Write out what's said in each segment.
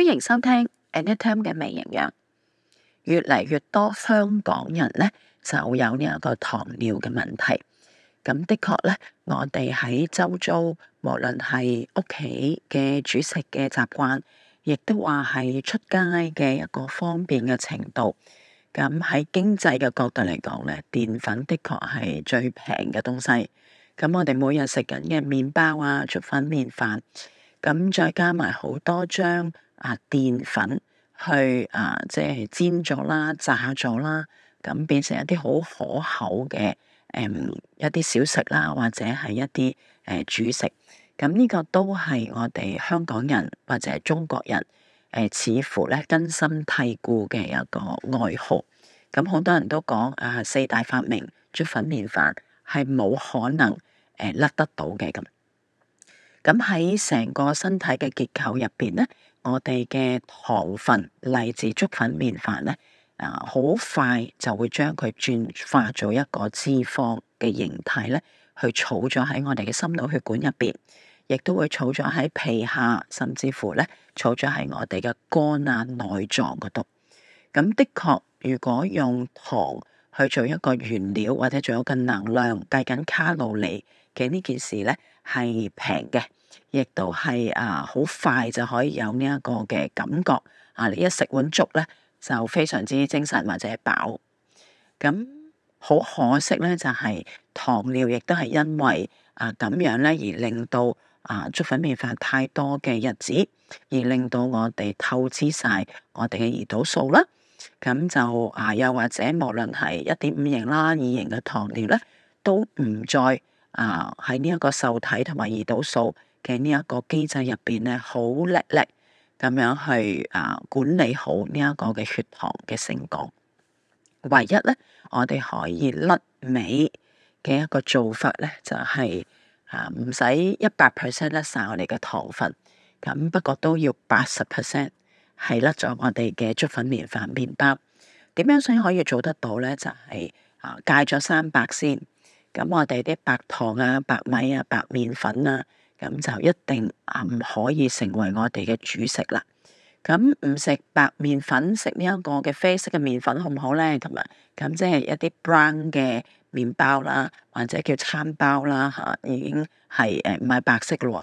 歡迎收聽 Annette Tam 嘅微營養。越嚟越多香港人咧就有呢一個糖尿嘅問題。咁的確咧，我哋喺周遭，無論係屋企嘅煮食嘅習慣，亦都話係出街嘅一個方便嘅程度。咁喺經濟嘅角度嚟講咧，澱粉的確係最平嘅東西。咁我哋每日食緊嘅麵包啊，粥粉麵飯，咁再加埋好多張。啊！澱粉去啊，即係煎咗啦、炸咗啦，咁、啊、變成一啲好可口嘅誒、嗯、一啲小食啦，或者係一啲誒主食。咁、啊、呢、這個都係我哋香港人或者係中國人誒、啊，似乎咧根深蒂固嘅一個愛好。咁、啊、好多人都講啊，四大發明粥粉麵飯係冇可能誒、啊、甩得到嘅咁。咁喺成個身體嘅結構入邊咧。我哋嘅糖分嚟自粥粉麵飯咧，啊，好快就會將佢轉化做一個脂肪嘅形態咧，去儲咗喺我哋嘅心腦血管入邊，亦都會儲咗喺皮下，甚至乎咧儲咗喺我哋嘅肝啊內臟嗰度。咁的確，如果用糖去做一個原料，或者做一個能量計緊卡路里嘅呢件事咧，係平嘅。亦都係啊，好快就可以有呢一個嘅感覺啊！你一食碗粥咧，就非常之精神或者係飽。咁好可惜咧，就係、是、糖尿亦都係因為啊咁樣咧，而令到啊粥粉麵飯太多嘅日子，而令到我哋透支晒我哋嘅胰島素啦。咁就啊，又或者無論係一點五型啦、二型嘅糖尿咧，都唔再啊喺呢一個受體同埋胰島素。嘅呢一個機制入邊咧，好叻叻咁樣去啊管理好呢一個嘅血糖嘅成果。唯一咧，我哋可以甩尾嘅一個做法咧，就係、是、啊唔使一百 percent 甩晒我哋嘅糖分，咁不過都要八十 percent 係甩咗我哋嘅粥粉麵飯麵包。點樣先可以做得到咧？就係、是、啊戒咗三白先，咁我哋啲白糖啊、白米啊、白麵粉啊。咁就一定啊唔可以成為我哋嘅主食啦。咁唔食白麵粉，食呢一個嘅啡色嘅麵粉好唔好咧？咁啊，咁即係一啲 brown 嘅麵包啦，或者叫餐包啦吓、啊，已經係誒唔係白色噶咯。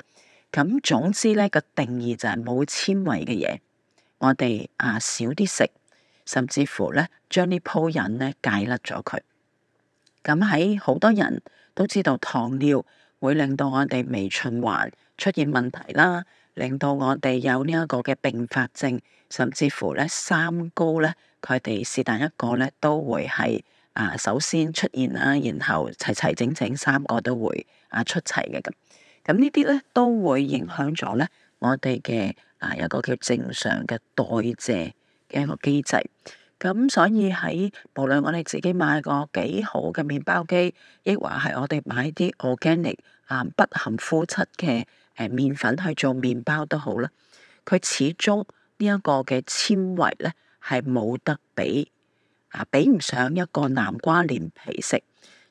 咁總之咧、這個定義就係冇纖維嘅嘢，我哋啊少啲食，甚至乎咧將呢鋪癮咧戒甩咗佢。咁喺好多人都知道糖尿。會令到我哋微循環出現問題啦，令到我哋有呢一個嘅併發症，甚至乎咧三高咧，佢哋是但一個咧都會係啊首先出現啦，然後齊齊整整三個都會啊出齊嘅咁，咁呢啲咧都會影響咗咧我哋嘅啊一個叫正常嘅代謝嘅一個機制。咁所以喺無論我哋自己買個幾好嘅麵包機，亦或係我哋買啲 organic 啊不含麩質嘅誒麵粉去做麵包都好啦，佢始終呢一個嘅纖維咧係冇得比啊，比唔上一個南瓜連皮食。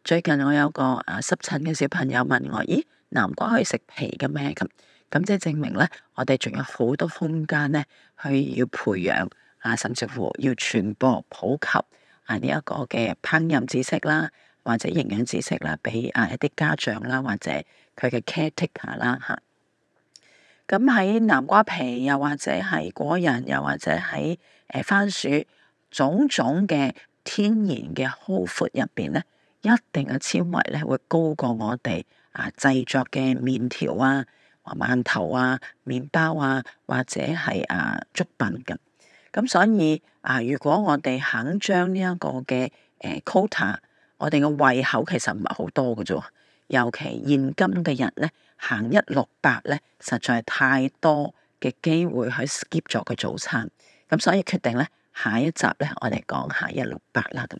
最近我有個啊濕疹嘅小朋友問我：咦，南瓜可以食皮嘅咩？咁咁即係證明咧，我哋仲有好多空間咧去要培養。啊，甚至乎要傳播普及啊呢一個嘅烹飪知識啦，或者營養知識啦，俾啊一啲家長啦，或者佢嘅 caretaker 啦吓。咁、啊、喺南瓜皮，又或者係果仁，又或者喺誒番薯，種種嘅天然嘅 whole food 入邊咧，一定嘅纖維咧會高過我哋啊製作嘅麵條啊、饅頭啊、麵包啊，或者係啊粥品嘅。咁所以啊，如果我哋肯將呢一個嘅誒 quota，我哋嘅胃口其實唔係好多嘅啫，尤其現今嘅人咧，行一六八咧，實在太多嘅機會去 skip 咗嘅早餐。咁所以決定咧，下一集咧，我哋講下一六八啦。咁，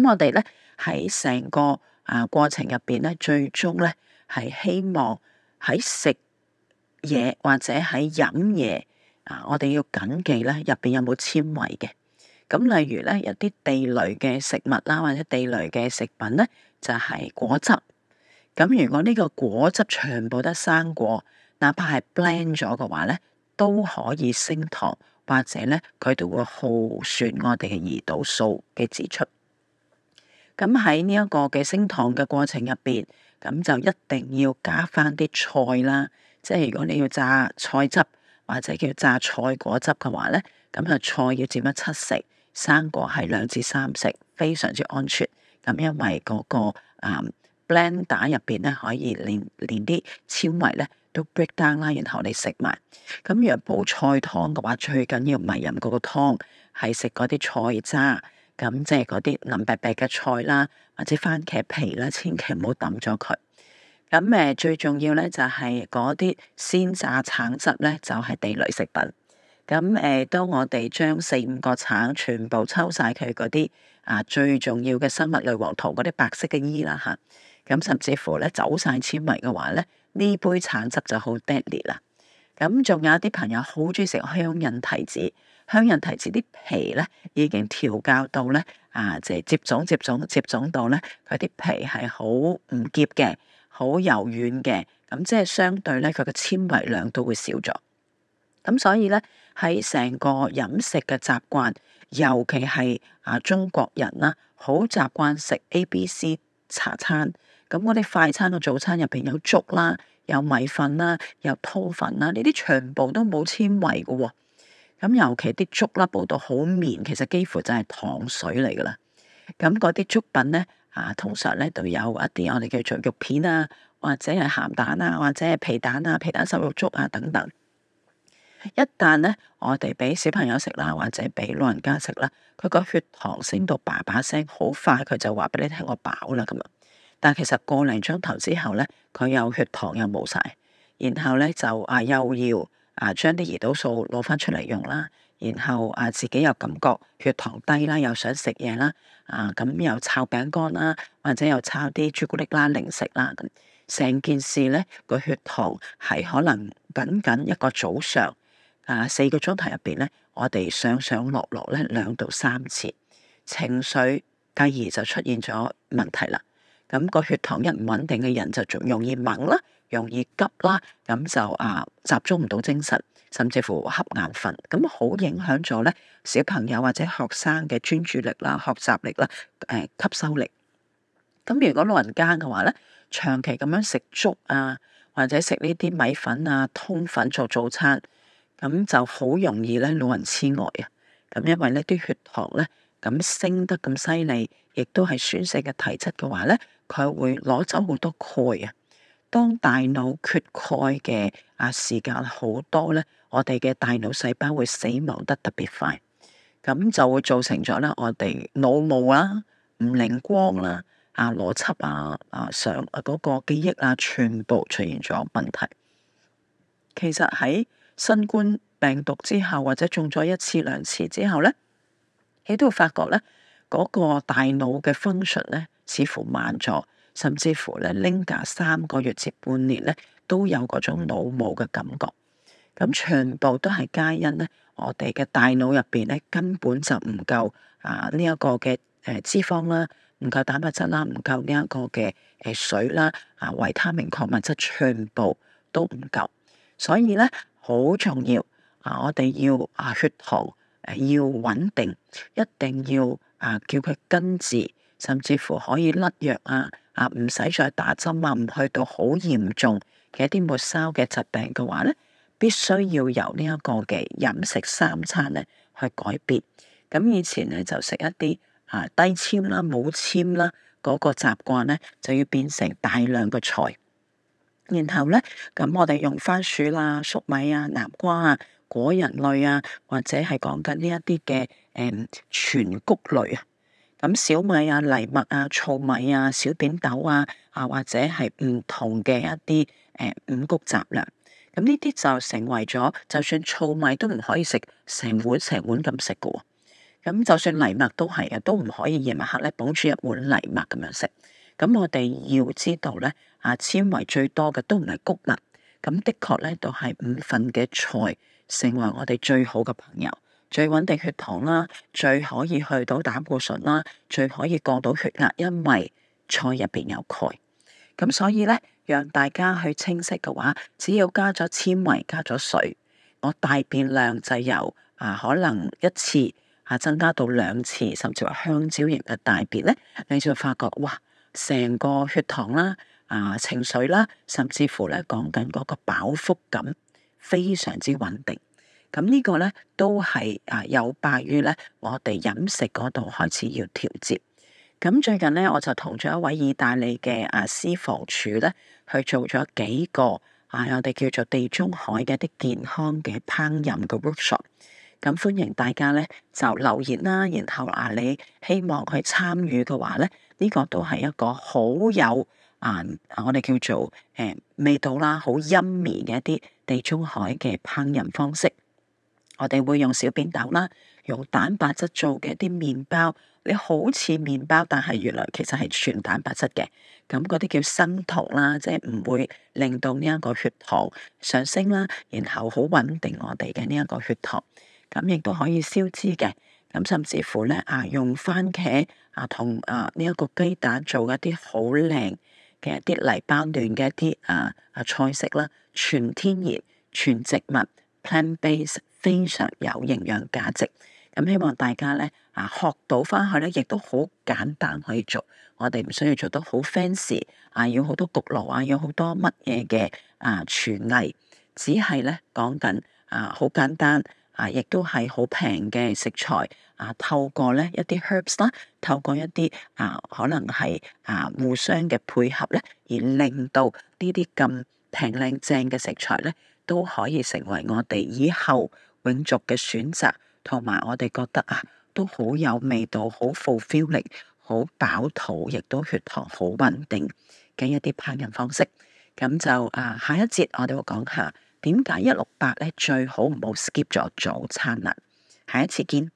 咁我哋咧喺成個啊過程入邊咧，最終咧係希望喺食嘢或者喺飲嘢。啊、我哋要謹記咧，入邊有冇纖維嘅？咁、啊、例如咧，有啲地雷嘅食物啦、啊，或者地雷嘅食品咧，就係、是、果汁。咁、啊、如果呢個果汁全部得生果，哪怕係 blend 咗嘅話咧，都可以升糖，或者咧佢哋會耗損我哋嘅胰島素嘅支出。咁喺呢一個嘅升糖嘅過程入邊，咁就一定要加翻啲菜啦。即係如果你要榨菜汁。或者叫榨菜果汁嘅話咧，咁啊菜要佔一七成，生果係兩至三成，非常之安全。咁因為嗰、那個啊 blender 打入邊咧，嗯、面，可以連連啲纖維咧都 break down 啦，然後你食埋。咁若煲菜湯嘅話，最緊要唔係飲嗰個湯，係食嗰啲菜渣。咁即係嗰啲腍啤啤嘅菜啦，或者番茄皮啦，千祈唔好抌咗佢。咁誒，最重要咧就係嗰啲鮮榨橙汁咧，就係、是、地雷食品。咁誒，當、呃、我哋將四五個橙全部抽晒佢嗰啲啊，最重要嘅生物類黃酮嗰啲白色嘅衣啦吓，咁、啊啊、甚至乎咧走晒纖維嘅話咧，呢杯橙汁就好 deadly 啦。咁、啊、仲有啲朋友好中意食香印提子，香印提子啲皮咧已經調校到咧啊，即、就、係、是、接種接種接種到咧，佢啲皮係好唔澀嘅。好柔軟嘅，咁即係相對咧，佢嘅纖維量都會少咗。咁所以咧，喺成個飲食嘅習慣，尤其係啊中國人啦，好習慣食 A、B、C 茶餐。咁嗰啲快餐嘅早餐入邊有粥啦，有米粉啦，有湯粉啦，呢啲全部都冇纖維嘅喎。咁尤其啲粥粒煲到好綿，其實幾乎就係糖水嚟噶啦。咁嗰啲粥品咧。啊，通常咧就有一啲我哋叫做肉片啊，或者係鹹蛋啊，或者係皮蛋啊、皮蛋瘦肉粥啊等等。一旦咧，我哋俾小朋友食啦，或者俾老人家食啦，佢個血糖升到爸爸聲，好快佢就話俾你聽我飽啦咁啊。但其實過個零鐘頭之後咧，佢有血糖又冇晒，然後咧就啊又要啊將啲胰島素攞翻出嚟用啦。然後啊，自己又感覺血糖低啦、啊啊，又想食嘢啦，啊咁又摷餅乾啦，或者又摷啲朱古力啦、零食啦，成件事咧個血糖係可能僅僅一個早上啊四個鐘頭入邊咧，我哋上上落落咧兩到三次，情緒繼而就出現咗問題啦。咁、啊、個血糖一唔穩定嘅人就仲容易猛啦。容易急啦，咁就啊集中唔到精神，甚至乎瞌眼瞓，咁好影響咗咧小朋友或者學生嘅專注力啦、啊、學習力啦、誒、啊、吸收力。咁如果老人家嘅話咧，長期咁樣食粥啊，或者食呢啲米粉啊、通粉做早餐，咁就好容易咧老人癡呆、呃、啊。咁因為呢啲血糖咧咁升得咁犀利，亦都係酸性嘅體質嘅話咧，佢會攞走好多鈣啊。當大腦缺鈣嘅啊時間好多咧，我哋嘅大腦細胞會死亡得特別快，咁就會造成咗咧我哋腦霧啦、啊、唔靈光啦、啊邏輯啊、啊想嗰、啊啊嗰個記憶啊，全部出現咗問題。其實喺新冠病毒之後，或者中咗一次兩次之後咧，你都發覺咧嗰、嗰個大腦嘅 function 咧似乎慢咗。甚至乎咧，拎架三個月至半年咧，都有嗰種腦霧嘅感覺。咁、嗯、全部都係皆因咧，我哋嘅大腦入邊咧根本就唔夠啊！呢一個嘅誒脂肪啦，唔夠蛋白質啦，唔夠呢一個嘅誒水啦，啊維他命礦物質全部都唔夠。所以咧，好重要啊！我哋要血啊血糖誒要穩定，一定要啊叫佢根治，甚至乎可以甩藥啊！啊，唔使再打針啊，唔去到好嚴重嘅一啲末梢嘅疾病嘅話咧，必須要由呢一個嘅飲食三餐咧去改變。咁、嗯、以前咧就食一啲啊低纖啦、冇纖啦嗰、那個習慣咧，就要變成大量嘅菜。然後咧，咁我哋用番薯啦、啊、粟米啊、南瓜啊、果仁類啊，或者係講緊呢一啲嘅誒全穀類啊。咁小米啊、藜麥啊、糙米啊、小扁豆啊，啊或者係唔同嘅一啲誒、呃、五穀雜糧，咁呢啲就成為咗，就算糙米都唔可以食成碗成碗咁食嘅。咁就算藜麥都係啊，都唔可以夜晚黑咧捧住一碗藜麥咁樣食。咁我哋要知道咧，啊纖維最多嘅都唔係穀物，咁的確咧都係五份嘅菜成為我哋最好嘅朋友。最穩定血糖啦，最可以去到膽固醇啦，最可以降到血壓，因為菜入邊有鈣。咁所以咧，讓大家去清晰嘅話，只要加咗纖維，加咗水，我大便量就由啊可能一次啊增加到兩次，甚至話香蕉型嘅大便咧，你就會發覺哇，成個血糖啦、啊情緒啦，甚至乎咧講緊嗰個飽腹感，非常之穩定。咁呢個咧都係啊，有八月咧，我哋飲食嗰度開始要調節。咁最近咧，我就同咗一位意大利嘅啊私房廚咧去做咗幾個啊，我哋叫做地中海嘅一啲健康嘅烹飪嘅 workshop。咁、啊、歡迎大家咧就留言啦，然後啊，你希望去參與嘅話咧，呢、這個都係一個好有啊，我哋叫做誒、啊、味道啦，好 yummy 嘅一啲地中海嘅烹飪方式。我哋會用小扁豆啦，用蛋白質做嘅一啲麵包，你好似麵包，但係原來其實係全蛋白質嘅。咁嗰啲叫生酮啦，即係唔會令到呢一個血糖上升啦，然後好穩定我哋嘅呢一個血糖，咁亦都可以消脂嘅。咁甚至乎咧啊，用番茄啊同啊呢一個雞蛋做一啲好靚嘅一啲泥包嫩嘅一啲啊啊菜式啦，全天然全植物 plant base。非常有營養價值，咁、嗯、希望大家咧啊學到翻去咧，亦都好簡單可以做。我哋唔需要做到好 fancy 啊，要好多焗爐啊，要好多乜嘢嘅啊廚藝，只係咧講緊啊好簡單啊，亦都係好平嘅食材啊。透過咧一啲 herbs 啦、啊，透過一啲啊可能係啊互相嘅配合咧，而令到呢啲咁平靚正嘅食材咧，都可以成為我哋以後，永續嘅選擇，同埋我哋覺得啊，都好有味道，好 fulfilling，好飽肚，亦都血糖好穩定嘅一啲烹飪方式。咁就啊，下一節我哋會講下點解一六八咧最好唔好 skip 咗早餐喇！下一次見。